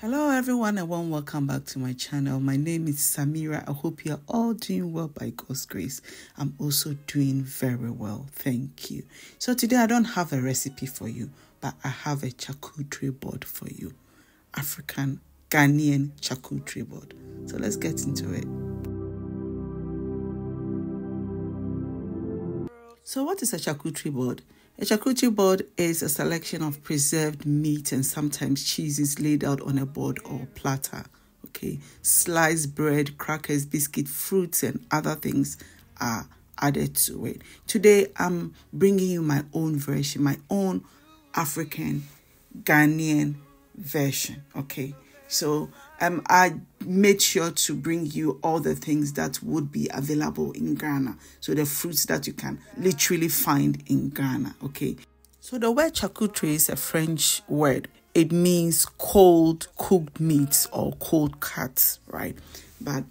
Hello everyone and warm welcome back to my channel. My name is Samira. I hope you're all doing well by God's grace. I'm also doing very well. Thank you. So today I don't have a recipe for you, but I have a charcuterie board for you. African Ghanaian charcuterie board. So let's get into it. So what is a charcuterie board? A charcuterie board is a selection of preserved meat and sometimes cheeses laid out on a board or platter. Okay, sliced bread, crackers, biscuit, fruits, and other things are added to it. Today, I'm bringing you my own version, my own African Ghanaian version. Okay, so um, I made sure to bring you all the things that would be available in Ghana. So the fruits that you can literally find in Ghana, okay? So the word charcuterie is a French word. It means cold cooked meats or cold cuts, right? But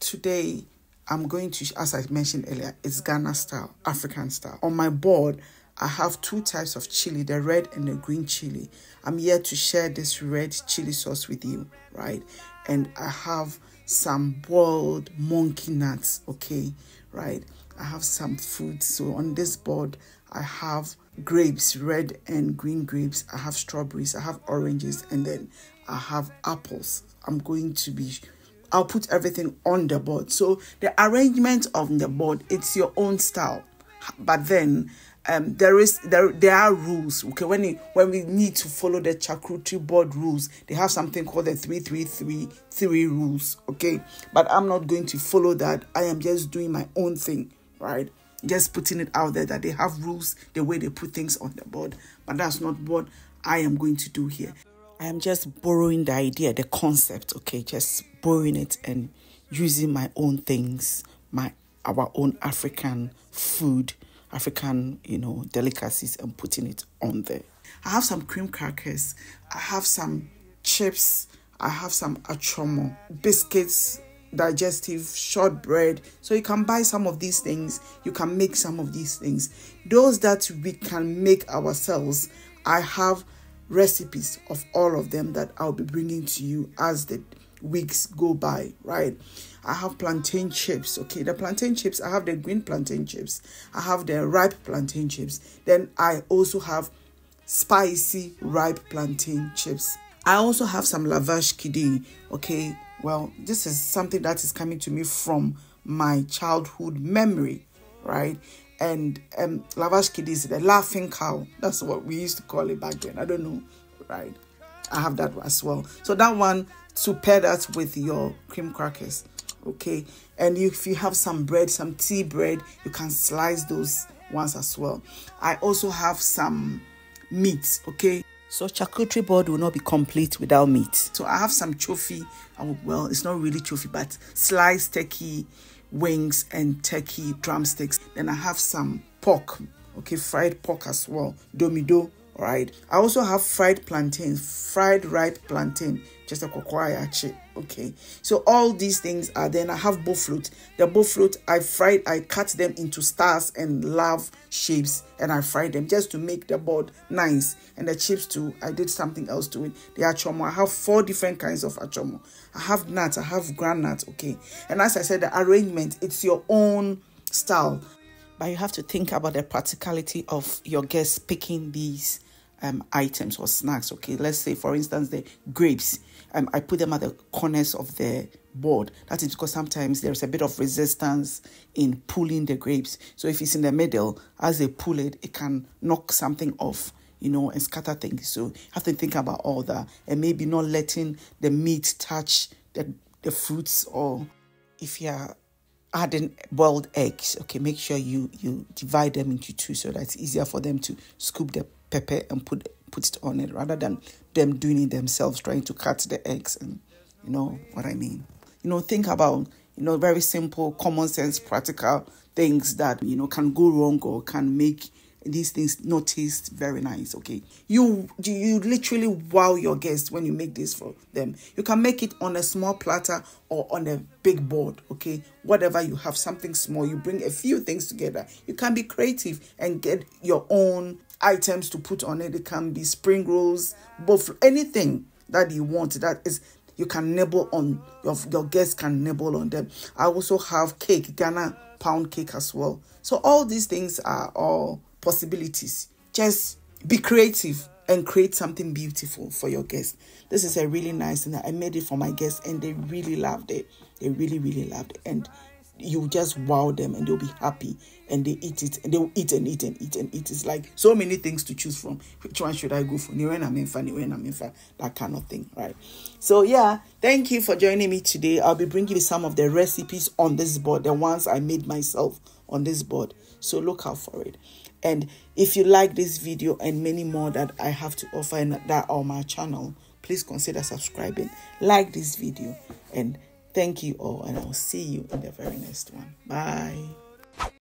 today I'm going to, as I mentioned earlier, it's Ghana style, African style. On my board, I have two types of chili, the red and the green chili. I'm here to share this red chili sauce with you, right? And I have some boiled monkey nuts, okay, right? I have some food. So on this board, I have grapes, red and green grapes. I have strawberries, I have oranges, and then I have apples. I'm going to be I'll put everything on the board. So the arrangement of the board, it's your own style. But then um, there is there there are rules okay when it, when we need to follow the charcuterie board rules they have something called the 3333 rules okay but i'm not going to follow that i am just doing my own thing right just putting it out there that they have rules the way they put things on the board but that's not what i am going to do here i am just borrowing the idea the concept okay just borrowing it and using my own things my our own african food African, you know, delicacies and putting it on there. I have some cream crackers. I have some chips. I have some achomo, biscuits, digestive, shortbread. So you can buy some of these things. You can make some of these things. Those that we can make ourselves, I have recipes of all of them that I'll be bringing to you as the weeks go by, right? I have plantain chips, okay? The plantain chips, I have the green plantain chips, I have the ripe plantain chips, then I also have spicy ripe plantain chips. I also have some lavash kidi, okay? Well, this is something that is coming to me from my childhood memory, right? And um, lavash kidi is the laughing cow. That's what we used to call it back then. I don't know, right? I have that as well. So that one to pair that with your cream crackers. Okay. And if you have some bread, some tea bread, you can slice those ones as well. I also have some meat. Okay. So charcuterie board will not be complete without meat. So I have some trophy. Well, it's not really trophy, but sliced turkey wings and turkey drumsticks. Then I have some pork. Okay, fried pork as well. Domido Right. I also have fried plantain, fried ripe plantain, just a kokwaya Okay. So all these things are then I have bofloat. The bofloat I fried, I cut them into stars and love shapes and I fried them just to make the board nice. And the chips too, I did something else to it. The achomo, I have four different kinds of achomo. I have nuts, I have granite, okay. And as I said, the arrangement, it's your own style. But you have to think about the practicality of your guests picking these um, items or snacks. Okay, let's say for instance the grapes. Um, I put them at the corners of the board. That is because sometimes there's a bit of resistance in pulling the grapes. So if it's in the middle, as they pull it, it can knock something off, you know, and scatter things. So you have to think about all that and maybe not letting the meat touch the, the fruits or if you're adding boiled eggs. Okay, make sure you you divide them into two so that it's easier for them to scoop the pepper and put put it on it rather than them doing it themselves, trying to cut the eggs and you know what I mean. You know, think about you know very simple, common sense, practical things that you know can go wrong or can make these things not taste very nice okay you you literally wow your guests when you make this for them you can make it on a small platter or on a big board okay whatever you have something small you bring a few things together you can be creative and get your own items to put on it it can be spring rolls both anything that you want that is you can nibble on your, your guests can nibble on them i also have cake ghana pound cake as well so all these things are all possibilities. Just be creative and create something beautiful for your guests. This is a really nice thing. I made it for my guests and they really loved it. They really, really loved it. And you just wow them and they'll be happy and they eat it and they'll eat and eat and eat and eat. It's like so many things to choose from. Which one should I go for? Nirena i Nirena Minfa, that kind of thing, right? So, yeah, thank you for joining me today. I'll be bringing you some of the recipes on this board, the ones I made myself on this board. So, look out for it. And if you like this video and many more that I have to offer and that on my channel, please consider subscribing. Like this video and thank you all and I'll see you in the very next one. Bye.